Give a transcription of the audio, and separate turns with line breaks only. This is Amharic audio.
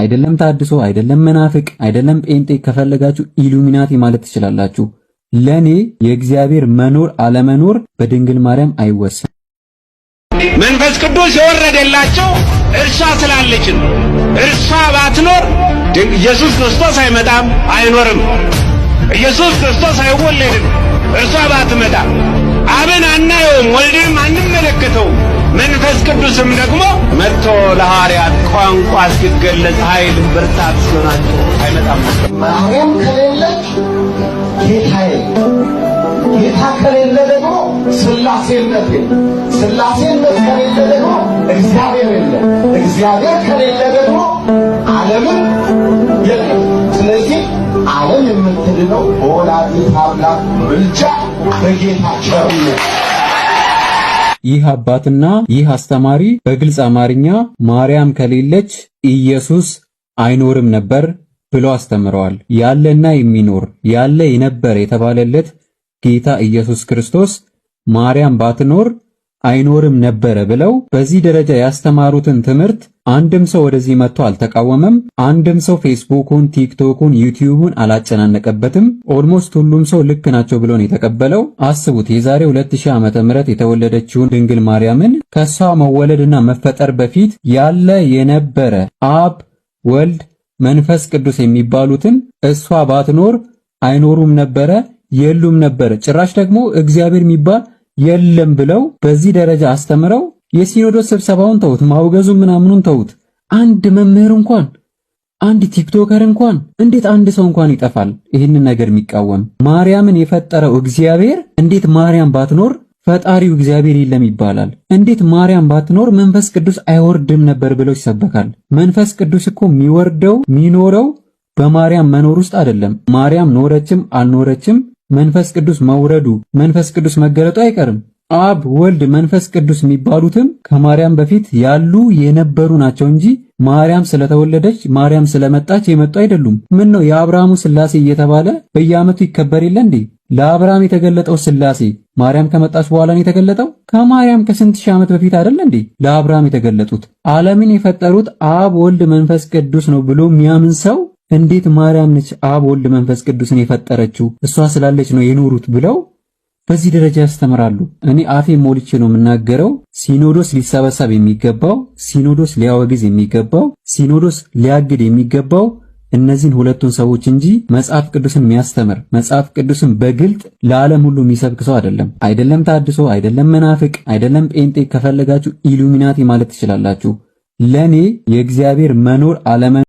አይደለም ታድሶ፣ አይደለም መናፍቅ፣ አይደለም ጴንጤ። ከፈለጋችሁ ኢሉሚናቲ ማለት ትችላላችሁ። ለኔ የእግዚአብሔር መኖር አለመኖር በድንግል ማርያም አይወሰን።
መንፈስ ቅዱስ የወረደላቸው እርሷ ስላለች ነው። እርሷ ባትኖር ኢየሱስ ክርስቶስ አይመጣም፣ አይኖርም። ኢየሱስ ክርስቶስ አይወለድም። እርሷ ባትመጣ አብን አናየውም፣ ወልድም አንመለከተውም፣ መንፈስ ቅዱስም ደግሞ መጥቶ ለሐዋርያት ቋንቋ ሲገለጽ ኃይል ብርታት ሲሆናቸው አይመጣም።
ማርያም ከሌለች ጌታ ጌታ ከሌለ ደግሞ ስላሴነት ነት ስላሴነት ከሌለ ደግሞ እግዚአብሔር የለ እግዚአብሔር ከሌለ ደግሞ ዓለምን የለም። ስለዚህ ዓለም የምትድነው በወላዲተ አምላክ ምልጃ በጌታ ቸርነት
ይህ አባትና ይህ አስተማሪ በግልጽ አማርኛ ማርያም ከሌለች ኢየሱስ አይኖርም ነበር ብሎ አስተምረዋል። ያለና የሚኖር ያለ የነበረ የተባለለት ጌታ ኢየሱስ ክርስቶስ ማርያም ባትኖር አይኖርም ነበረ ብለው በዚህ ደረጃ ያስተማሩትን ትምህርት አንድም ሰው ወደዚህ መጥቶ አልተቃወመም። አንድም ሰው ፌስቡኩን፣ ቲክቶኩን፣ ዩቲዩቡን አላጨናነቀበትም። ኦልሞስት ሁሉም ሰው ልክ ናቸው ብሎ ነው የተቀበለው። አስቡት የዛሬ 2000 ዓመተ ምህረት የተወለደችውን ድንግል ማርያምን ከሷ መወለድና መፈጠር በፊት ያለ የነበረ አብ፣ ወልድ፣ መንፈስ ቅዱስ የሚባሉትን እሷ ባትኖር አይኖሩም ነበረ፣ የሉም ነበረ። ጭራሽ ደግሞ እግዚአብሔር የሚባል የለም ብለው በዚህ ደረጃ አስተምረው የሲኖዶስ ስብሰባውን ተውት፣ ማውገዙ ምናምኑን ተውት። አንድ መምህር እንኳን አንድ ቲክቶከር እንኳን እንዴት አንድ ሰው እንኳን ይጠፋል? ይህንን ነገር የሚቃወም ማርያምን የፈጠረው እግዚአብሔር እንዴት ማርያም ባትኖር ፈጣሪው እግዚአብሔር የለም ይባላል? እንዴት ማርያም ባትኖር መንፈስ ቅዱስ አይወርድም ነበር ብለው ይሰበካል? መንፈስ ቅዱስ እኮ የሚወርደው የሚኖረው በማርያም መኖር ውስጥ አይደለም። ማርያም ኖረችም አልኖረችም መንፈስ ቅዱስ መውረዱ፣ መንፈስ ቅዱስ መገለጡ አይቀርም። አብ፣ ወልድ፣ መንፈስ ቅዱስ የሚባሉትም ከማርያም በፊት ያሉ የነበሩ ናቸው እንጂ ማርያም ስለተወለደች ማርያም ስለመጣች የመጡ አይደሉም። ምን ነው የአብርሃሙ ስላሴ እየተባለ በየዓመቱ ይከበር የለ እንዴ? ለአብርሃም የተገለጠው ስላሴ ማርያም ከመጣች በኋላ ነው የተገለጠው? ከማርያም ከስንት ሺህ ዓመት በፊት አይደል እንዴ ለአብርሃም የተገለጡት? ዓለምን የፈጠሩት አብ፣ ወልድ፣ መንፈስ ቅዱስ ነው ብሎ የሚያምን ሰው እንዴት ማርያም ነች አብ ወልድ መንፈስ ቅዱስን የፈጠረችው እሷ ስላለች ነው የኖሩት ብለው በዚህ ደረጃ ያስተምራሉ። እኔ አፌ ሞልቼ ነው የምናገረው። ሲኖዶስ ሊሰበሰብ የሚገባው ሲኖዶስ ሊያወግዝ የሚገባው ሲኖዶስ ሊያግድ የሚገባው እነዚህን ሁለቱን ሰዎች እንጂ መጽሐፍ ቅዱስን የሚያስተምር መጽሐፍ ቅዱስን በግልጥ ለዓለም ሁሉ የሚሰብክ ሰው አይደለም። አይደለም ታድሶ፣ አይደለም መናፍቅ፣ አይደለም ጴንጤ። ከፈለጋችሁ ኢሉሚናቲ ማለት ትችላላችሁ። ለኔ የእግዚአብሔር መኖር አለመኖር